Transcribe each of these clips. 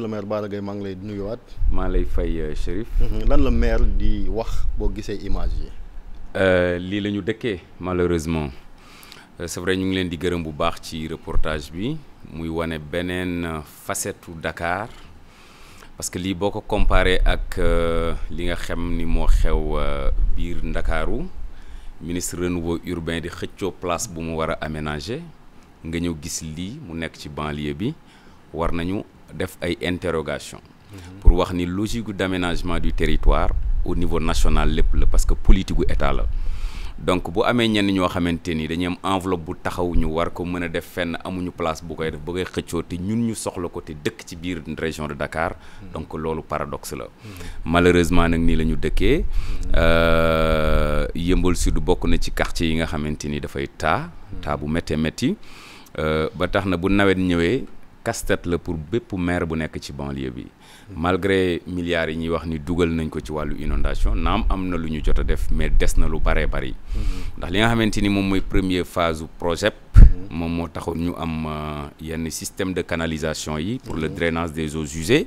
monsieur maire Bara Gaye maa ngi lay nuyuwaat. maa lay fay euh, Chérif. Mm-hmm. lan la maire di wax boo gisee image yi. Euh, lii la ñu dëkkee malheureusement euh, c'est ñu ngi leen di gërëm bu baax ci reportage bi muy wane beneen facette Dakar parce que lii boo ko comparé ak li nga xam ni moo xew biir Ndakaaru ministre renouveau urbain di xëccoo place bu mu war a aménager nga ñëw gis lii mu nekk ci banlieue bi war nañu def ay interrogation pour wax ni logique d'aménagement du territoire au niveau national lépp la parce que politique gu état la donc bu amee ñenn ñoo xamante ni dañuy am enveloppe bu taxawuñu war ko mën a def fenn amuñu place bu koy def ba xëccoo te ñun ñu soxla ko te dëkk ci biir région de Dakar donc loolu paradoxe la malheureusement nag nii la ñu dëkkee Yeumbeul Sud bokk na ci quartier yi nga xamante ni dafay taa taa bu méttee métti euh, ba tax na bu nawet ñëwee casse-tête la pour bépp maire bu nekk ci banlieue bi malgré milliards yi ñuy wax ni dugal nañ ko ci wàllu inondation naam am na lu ñu jot a def mais des na lu bëree bëri mm-hmm. ndax li nga xamante ni moom mooy premier phase du projet mm-hmm. moom moo taxoon ñu am euh, yenn système de canalisation yi pour le mm-hmm. drainage des eaux usées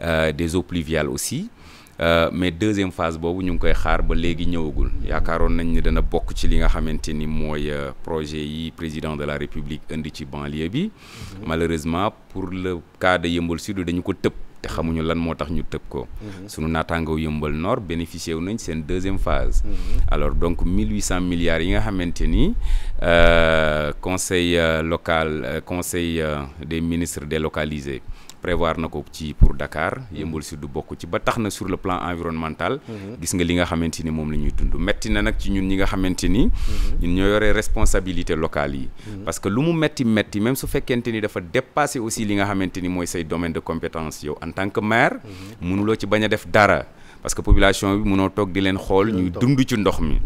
euh, des eaux pluviales aussi Euh, mais deuxième phase boobu ñu ngi koy xaar ba léegi ñëwagul yaakaaroon nañ ni dana bokk ci li nga xamante ni mooy euh, projet yi président de la république indi ci banlieue bi mhm. malheureusement pour le cas de Yeumbeul dañu ko tëb te xamuñu lan moo tax ñu tëb ko mhm. sunu naataango yëmbal Nord bénéficié wu nañ seen deuxième phase mhm. alors donc mille huit cent milliards yi nga xamante ni euh, conseil local conseil des ministres délocalisés prévoir na ko ci pour Dakar Yeumbeul Sud du bokk ci ba tax na sur le plan environnemental mhm. gis nga li nga xamante ni moom la ñuy dund metti na nag ci ñun ñi nga xamante ni mhm. ñun ñoo yore responsabilité locale yi mhm. parce que lu mu metti metti même su fekkente ni dafa dépasser aussi li nga xamante ni mooy say domaine de compétence yow en tant que maire mënuloo ci bañ a def dara parce que population bi mënoo togg di leen xool ñuy dund ci ndox mi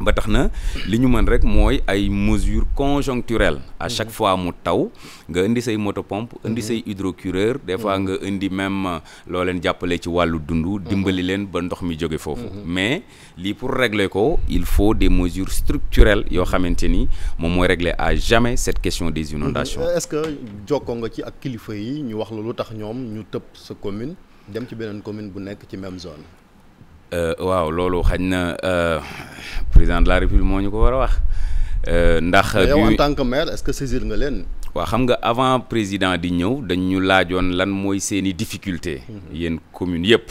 ba tax na li ñu mën rek mooy ay mesures conjoncturelles à mhm. chaque fois mu taw nga indi say motopompe indi mhm. say hydrocureur des fois mhm. nga indi même euh, loo leen jàppale ci wàllu dund dimbali leen ba ndox mi jóge foofu mais lii pour régler ko il faut des mesures structurelles yoo xamante ni moom mooy régler à jamais cette question des inondations euh, est-ce que jokkoo nga ci ak kilifa yi ñu wax la lu tax ñoom ñu tëb sa commune dem ci beneen commune bu nekk ci même zone Euh, waaw loolu xañ na euh, président de la république moo ñu ko war a wax. Euh, ndax yow en tant que maire nga leen. waaw xam nga avant président di ñëw dañu ñu laajoon lan mooy seeni difficulté mhm. yéen communes yëpp.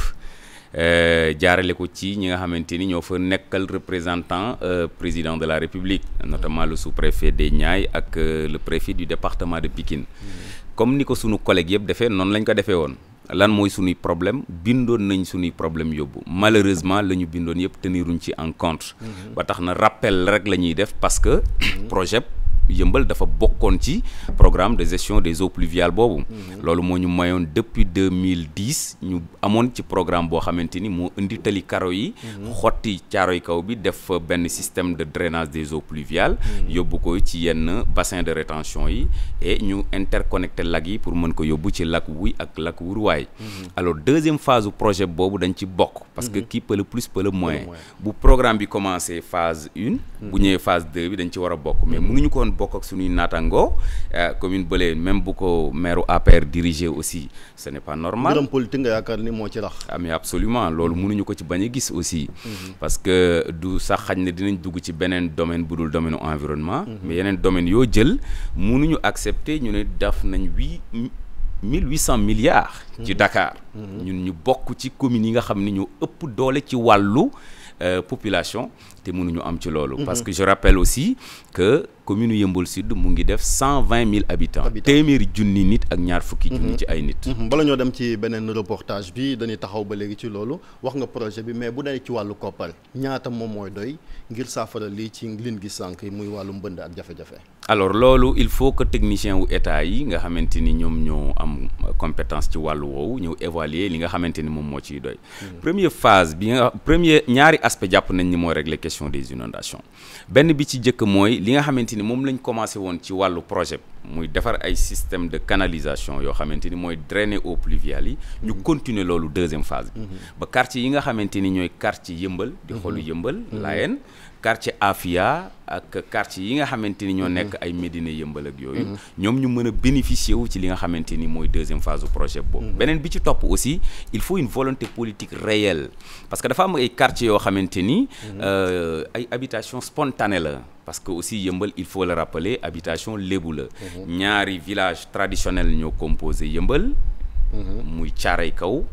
jaarale ko ci ñi nga xamante ni ñoo fa nekkal représentant président de la république notamment le sous-préfet des Niayes ak le préfet du département de Pikine mhm. comme ni ko sunu collègue yëpp defee noonu lañ ko defee woon lan mooy sunuy problème bindoon nañ suñuy problème yóbbu malheureusement la ñu bindoon yëpp teniruñ ci en compte mhm. ba tax na rappel rek la ñuy def parce que mhm. projet yëmbal dafa bokkoon ci programme de gestion des eaux pluviales boobu mhm. loolu moo ñu mayoon depuis 2010 ñu amoon ci programme boo xamante ni moo indi tali karo yi mhm. xotti yi kaw bi def fa benn système de drainage des eaux pluviales mhm. yóbbu ko ci yenn bassin de rétention yi et ñu interconnecté lac yi pour mën ko yóbbu ci lac wuy ak lac wuruwaay alors deuxième phase projet boobu dañ ci bokk parce que qui peut le plus peut le bu programme bi commencé phase a bokk bokk ak suñuy naataango euh, commune bële même bu ko maire APR dirigé aussi ce n'est pas normal. mbiram politique nga yaakaar ni moo ci rax. ah mais absolument loolu mënuñu ko ci bañ a gis aussi. Mhm. parce que du sax xañ ne dinañ dugg ci beneen domaine bu dul domaine environnement. Mhm. mais yeneen domaine yoo jël mënuñu accepter ñu ne daf nañ wii. mille huit cent milliards ci mhm. Dakar ñun ñu bokk ci communes yi nga xam ne ñu ëpp doole ci wàllu euh, population te mënuñu am ci loolu parce que rappelle aussi que commune Yëmbal Sud mu ngi def cent vingt mille habitants téeméeri junni nit ak ñaar fukki mhm. junni ci ay nit mhm. bala ñoo dem ci beneen reportage bi dañuy taxaw ba léegi ci loolu wax nga projet bi mais bu dee ci wàllu koppar ñaata moom mooy doy ngir saafara lii ci lin gi sànq muy wàllu mbënd ak jafe alors loolu il faut que technicien wu état yi nga xamante ni ñoom ñoo am compétence ci wàllu woowu ñëw évaluer li nga xamante ni moom moo ciy doy mhm. première phase bi nga premier ñaari aspect jàpp nañ ni mooy régler question des inondations benn bi ci jëkk mooy li nga xamante ni moom lañ commencé woon ci wàllu projet muy defar ay système de canalisation yoo xamante ni mooy drainer eaux pluviales yi ñu mhm. continuer loolu deuxième phase bi mhm. ba quartier yi nga xamante ni ñooy quartier yëmbal di mhm. xolu yëmbal Layeen quartier Afia ak quartier yi nga xamante ni ñoo mhm. nekk ay Médina yëmbal ak yooyu. Mhm. ñoom ñu mën a bénéficier wu ci li nga xamante ni mooy deuxième phase du projet boobu. Mhm. beneen bi ci topp aussi il faut une volonté politique réelle parce que dafa am ay quartiers yoo xamante ni. Euh, ay habitation spontanée la. parce que aussi yëmbal il faut la rappeler habitation lébu la. ñaari village traditionnel ñoo composé yëmbal. muy caaray kaw.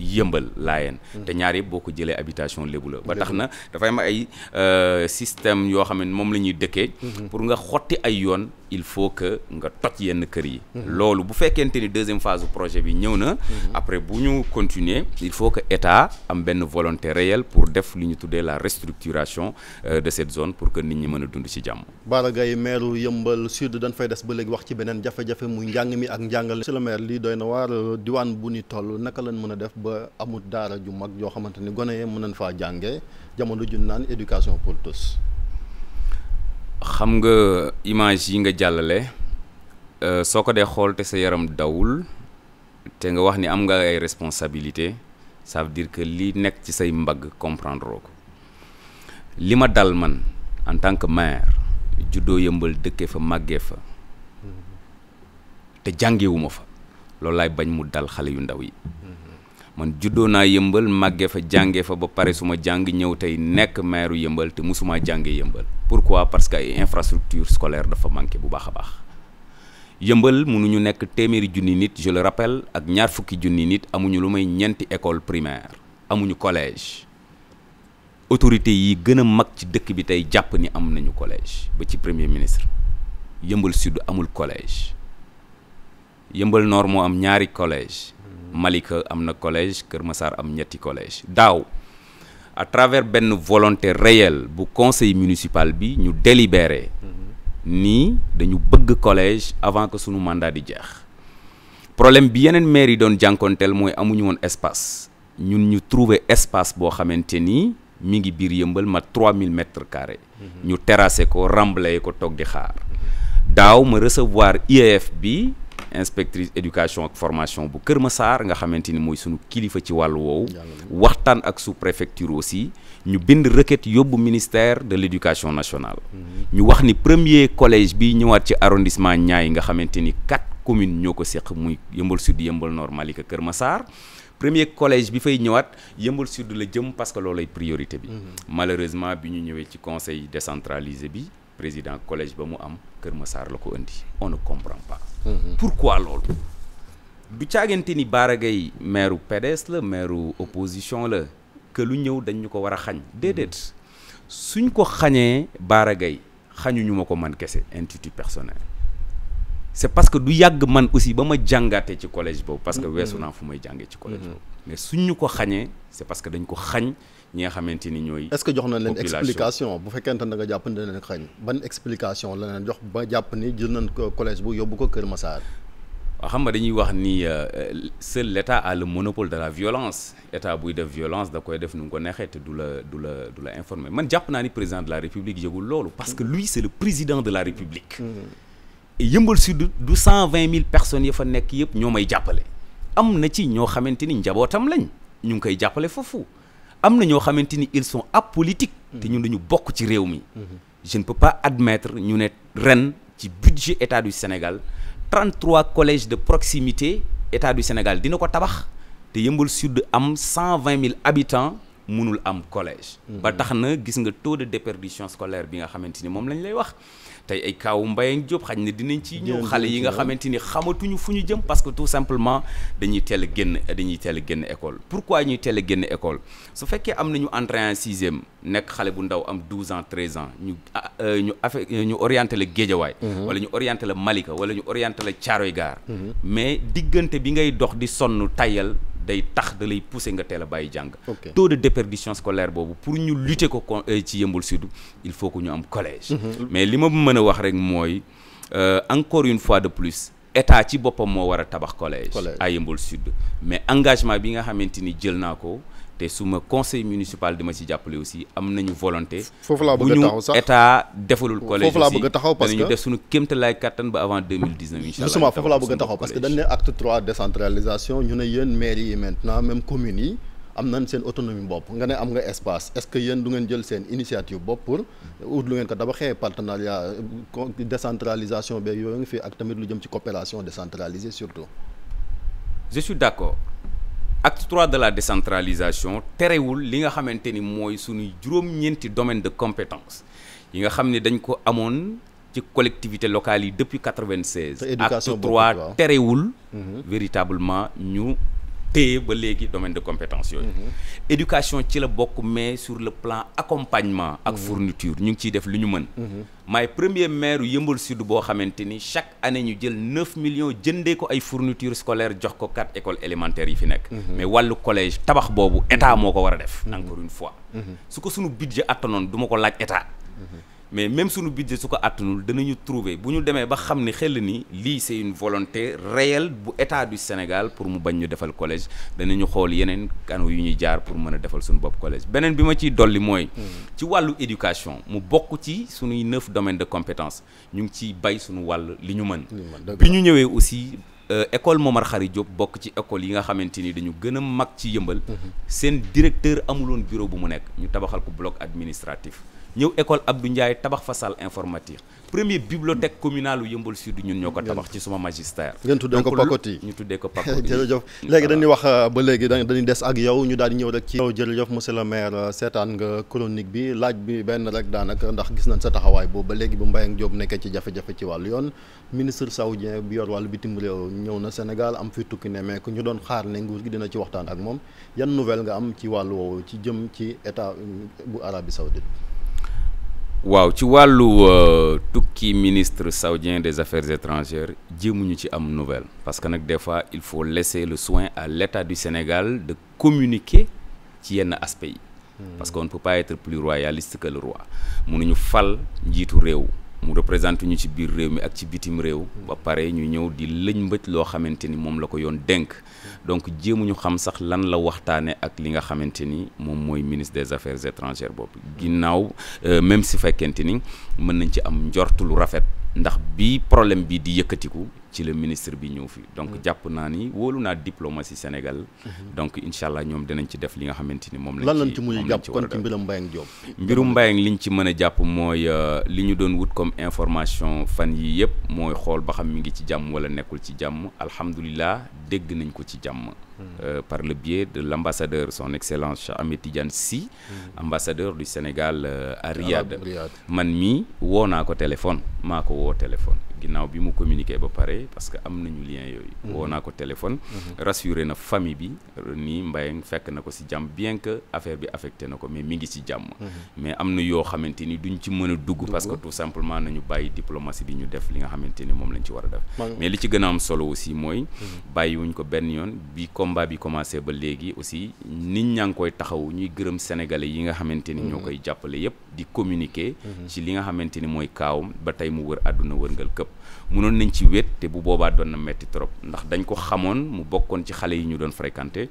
yëmbal laayeen mm. te ñaar boo ko jëlee habitation lébu la ba tax na dafay ma ay euh, système yoo xam ne moom la ñuy dëkkee mm-hmm. pour nga xotti ay yoon il faut que nga toj yenn kër yi. loolu bu fekkente ni deuxième phase projet bi ñëw na. après bu ñu continuer il faut que état am benn volonté réelle pour def li ñu tuddee la restructuration euh, de cette zone pour que nit ñi mën a dund ci jàmm. Bara Gaye maire Yeumbeul Sud dañ fay des ba léegi wax ci beneen jafe-jafe muy njàng mi ak njàngale. monsieur le maire lii doy na waar euh, diwaan bu ni toll naka lañ mën a def ba amul daara ju mag yoo xamante ni gone yee mën nañ faa jàngee jamono ju naan éducation pour xam nga image yi nga jàllale euh, soo ko dee xool te sa yaram dawul te nga wax ni am nga ay responsabilité ça veut dire que li nekk ci say mbagg comprendre ko li ma dal man en tant que maire juddoo yëmbal dëkkee fa màggee fa mm-hmm. te jàngewuma fa loolu laay bañ mu dal xale yu ndaw yi man juddoo naa yëmbal màggee fa jàngee fa ba pare su ma jàng ñëw tey nekk maire yëmbal te mosumaa jàngee yëmbal pourquoi parce que ay infrastructure scolaire dafa manqué bu baax a baax yëmbal mënuñu nekk téeméeri junni nit je le ak ñaar fukki junni nit amuñu lu may ñeenti école primaire amuñu collège autorité yi gën a mag ci dëkk bi tey jàpp ni am nañu collège ba ci premier ministre yëmbal sud amul collège yëmbal nord moo am ñaari collège Malika am na collège Kër Massar am ñetti collège daaw à travers benn volonté réelle bu conseil municipal bi ñu délibéré nii dañu bëgg collège avant que suñu mandat di jeex problème bi yeneen maire yi doon jànkonteel mooy amuñu woon espace ñun ñu trouver espace boo xamante ni mi ngi biir yëmbal ma 3000 mètres carrés mhm. ñu terrassé ko remblayé ko toog di xaar daaw ma recevoir IEF bi inspectrice éducation ak formation bu Kër ma saar nga xamante ni mooy sunu kilifa ci wàllu woowu waxtaan ak sous préfecture aussi ñu bind requête yóbbu ministère de l' éducation nationale mhm. ñu wax ni premier collège bi ñëwaat ci arrondissement Niayes nga xamante ni quatre commune ñoo ko seq muy Yëmbal Sud Yëmbal Nord Malika Kër Massar premier collège bi fay ñëwaat yëmbal sud la jëm parce que loolay priorité bi mhm. malheureusement bi ñu ñëwee ci conseil décentralisé bi président collège ba mu am Kër Massar la ko indi on ne comprend pas. Mhm. pourquoi loolu. du caagante ni Bara Gaye maire PDS la maire opposition la que lu ñëw dañ ñu ko war a xañ déedéet mhm. suñ ko xañee Bara Gaye xañuñu ma ko man kese intitut personnel. c'est parce que du yàgg man aussi ba ma jàngaatee ci collège boobu parce que mm-hmm. weesu naa fu may jàngee ci collège mm-hmm. boobu mais suñ ñu ko xañee c'est parce que dañ ko xañ ñi nga xamante ni ñooy est que jox na leen explication bu fekkente nga jàpp ne dañ leen xañ ban explication la ba jàpp ni jël nañ ko collège bu yóbbu ko Kër Massar waaw xam nga dañuy wax ni euh, euh, seul l'État à le monopole de la violence état buy def violence da koy def nu mu ko neexee te du la du la du la informer man jàpp naa ni président de la République yëgul loolu parce que mm-hmm. lui c'est le président de la République mmh. yëmbal sud du cent vingt mille personnes ya fa nekk yëpp ñoo may jàppale am na ci ñoo xamante ni njabootam lañ ñu ngi koy jàppale foofu am na ñoo xamante ni ils sont apolitiques te ñun dañu bokk ci réew mi je ne peux pas admettre ñu ne ren ci budget état du Sénégal 33 collège de proximité état du Sénégal dina ko tabax te yëmbal sud am cent vingt mille habitants mënul am collège ba tax na gis nga taux de déperdition scolaire bi nga xamante ni moom lañ lay wax tey ay kaaw mbay Mbayang Diop xaj na dinañ ci ñëw xale yi nga xamante ni xamatuñu fu ñu jëm parce que tout simplement dañuy teel a génn dañuy teel a génn école pourquoi ñuy teel a génn école su fekkee am nañu entrée en sixième nekk xale bu ndaw am 12 ans 13 ans ñu ah, euh, ñu affe ñu orienté la Géejawaay mhm. wala ñu orienté la Malika wala ñu orienté la Caaroy Gaar mhm. mais diggante bi ngay dox di sonn tayal day tax da lay pousser nga teel a bàyyi jàng taux de déperdition scolaire boobu pour ñu lutter ko euh, ci yëmbul sud il faut que ñu am collège mhm. mais li ma mën a wax rek mooy euh, encore une fois de plus état ci boppam moo war a tabax collège à yëmbul sud mais engagement bi nga xamante ni jël naa ko te suma conseil municipal di ma ci jàppale aussi am nañu volonté. foofu laa bëgg a taxaw sax bu ñu état defalul. collège foofu laa bëgg ba avant deux mille dix neuf. incha allah justement parce que dañ ne acte trois décentralisation ñu ne yéen maires yi maintenant même yi. am nañ seen autonomie bopp nga ne am nga espace est-ce du ngeen jël seen initiative bopp pour ut lu ngeen ko tabaxee partenariat décentralisation beeg yooyu nga fi ak tamit lu jëm ci coopération décentralisée surtout. je acte trois de la décentralisation terewul li nga xamante ni mooy suñu juróom-ñeenti domaine de compétence yi nga xam ne dañ ko amoon ci collectivité locale yi depuis quatre-vingt-seize acte trois terewul mhm. véritablement ñu te ba léegi domaine de compétence yooyu. Mhm. éducation ci la bokk mais sur le plan accompagnement. ak mhm. fourniture ñu ngi ciy def lu ñu mën. may mhm. premier maire yëmbal sud boo xamante ni chaque année ñu jël 9 millions jëndee ko ay fourniture scolaire jox ko quatre école élémentaires yi fi nekk. mais wàllu collège tabax boobu état moo ko war a def. encore fois. su ko sunu budget attanoon du ma ko laaj état. mais même suñu budget su ko àttanul danañu trouver bu ñu demee ba xam ni xel ni lii c'est une volonté réelle bu état du Sénégal pour mu bañ ñu defal collège danañu xool yeneen canaux yu ñuy jaar pour mën a defal suñu bopp collège beneen bi ma ciy dolli mooy. ci wàllu éducation mu bokk ci suñuy neuf domaines de compétence ñu ngi ciy bay suñu wàll li ñu mën. bi ñu ñëwee aussi. Euh, école Momar Khary Diop bokk ci école yi nga xamante ni dañu gën a mag ci yëmbal. Mhm. seen directeur amuloon bureau bu mu nekk ñu tabaxal ko bloc administratif. ñëw école Abdou Ndiaye tabax fa salle informatique premier bibliothèque communal u Yeumbeul ñun ñoo ko tabax ci suma magistère ngeen tuddee ko pakoti ñu tuddee ko pakoti jërëjëf léegi dañuy wax euh, ba léegi dañuy des ak yow ñu daal di ñëw rek ci yow jërëjëf monsieur le maire euh, seetaan nga chronique bi laaj bi benn rek daanaka ndax gis nañ sa taxawaay boobu ba léegi ba Mbaye ak Diop nekkee ci jafe-jafe ci wàllu yoon ministre saoudien bi yor wàllu bitim réew ñëw na Sénégal am fi tukki ne mais ku ñu doon xaar ne nguur gi dina ci waxtaan ak moom yan nouvelle nga am ci wàllu ci jëm ci état euh, bu Arabie Saoudite waaw ci wàllu euh, tukki ministre saoudien des affaires étrangères jéemuñu ci am nouvelle parce que nag des fois il faut laisser le soin à l'état du Sénégal de communiquer ci yenn aspect yi hmm. parce qu'on ne peut pas être plus royaliste que le roi mënuñu fal njiitu réew mu représenté ñu ci biir réew mi ak ci bitim réew ba pare ñu ñëw di lëñ mbëj loo xamante ni moom la ko yoon dénk donc ñu xam sax lan la waxtaane ak li nga xamante ni moom mooy ministre des affaires étrangères boobu ginnaaw euh, même si fekkente ni mën nañ ci am njort lu rafet ndax bi problème bi di yëkkatiku ci la ministre bi ñëw fii donc mm. jàpp naa ni wóolu naa diplomatie Sénégal mm-hmm. donc incha allah ñoom dinañ ci def li nga xamante ni moom lañ lan lañ ci mujj jàpp kon ci mbirum Mbayang Diop mbirum Mbayang liñ ci mën a jàpp mooy euh, li ñu doon wut comme information fan yii yëpp mooy xool ba xam mi ngi ci jàmm wala nekkul ci jàmm alhamdulilah dégg nañ ko ci jàmm mm. euh, par le biais de l' ambassadeur son excellence Cheikh Ahmed Tidiane Sy mm. ambassadeur du Sénégal euh, à Riyad man mii woo naa ko téléphone maa ko woo téléphone ginnaaw bi mu communiqué ba pare parce que am nañu lien yooyu. Mhm. woo naa ko téléphone. Mhm. rassuré na famille bi nii Mbayang fekk na ko si jàmm bien que affaire bi affecté na ko mais mi ngi si jàmm. Mhm. mais am na yoo xamante ni duñ ci mën a dugg. parce que tout simplement nañu bàyyi diplomatie bi ñu def li nga xamante ni moom lañ ci war a def. mais li ci gën a am solo aussi mooy. bàyyiwuñ ko benn yoon bi combat bi commencé ba léegi aussi nit ñaa ngi koy taxaw ñuy gërëm sénégalais yi nga xamante ni ñoo koy jàppale yëpp. di communiqué mhm. ci li nga xamante ni mooy kaawam ba tey mu wër àdduna wërngal këpp. mënoon nañ ci wet te bu boobaa doon na metti trop ndax dañ ko xamoon mu bokkoon ci xale yi ñu doon fréquenter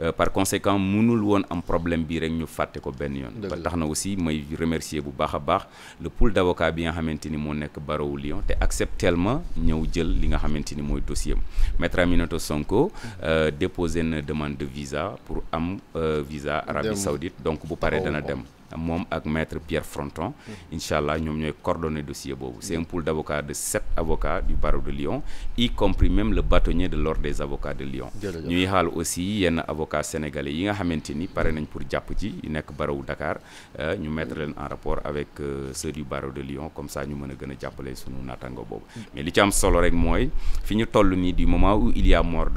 euh, par conséquent mënul woon am problème bii rek ñu fàtte ko benn yoon. ba tax na aussi may remercier bu baax a baax le pool d'avocat bi nga xamante ni moo nekk barreau Lyon te acceptellement ñëw jël li nga xamante ni mooy dossier am maître Aminato Sonko mhm. euh, déposé na demande de visa pour am euh, visa Arabie Saoudite donc bu paree dana dem. moom ak maître Pierre Fronton mm-hmm. incha ñoom ñooy coordonné dossier boobu c'est un mm-hmm. pool de sept avocats du barreau de Lyon y compris même le bâtonnier de l'ordre des avocats de Lyon ñuy xaal aussi yenn avocats sénégalais yi nga xamante ni pare nañ pour jàpp ci yu nekk barreau Dakar euh, ñu mettre leen en rapport avec euh, ceux du barreau de Lyon comme ça ñu mën a gën a jàppale suñu naataango boobu mm-hmm. mais li ci am solo rek mooy fi ñu toll nii du moment où il a mort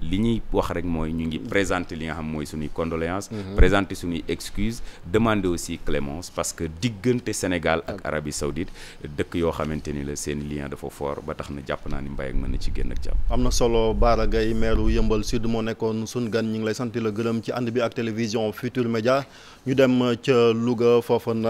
li ñuy wax rek mooy aussi Clémence parce que diggante Sénégal ak Arabie Saoudite dëkk yoo xamante ni la seen lien dafa fort ba tax na jàpp naa ni mbay ak mën na ci génn ak jàmm. am na solo Bara meeru Yëmbal Sud moo nekkoon sun gan ñu ngi lay sant la gërëm ci ànd bi ak télévision Futur Média ñu dem ca Louga foofa na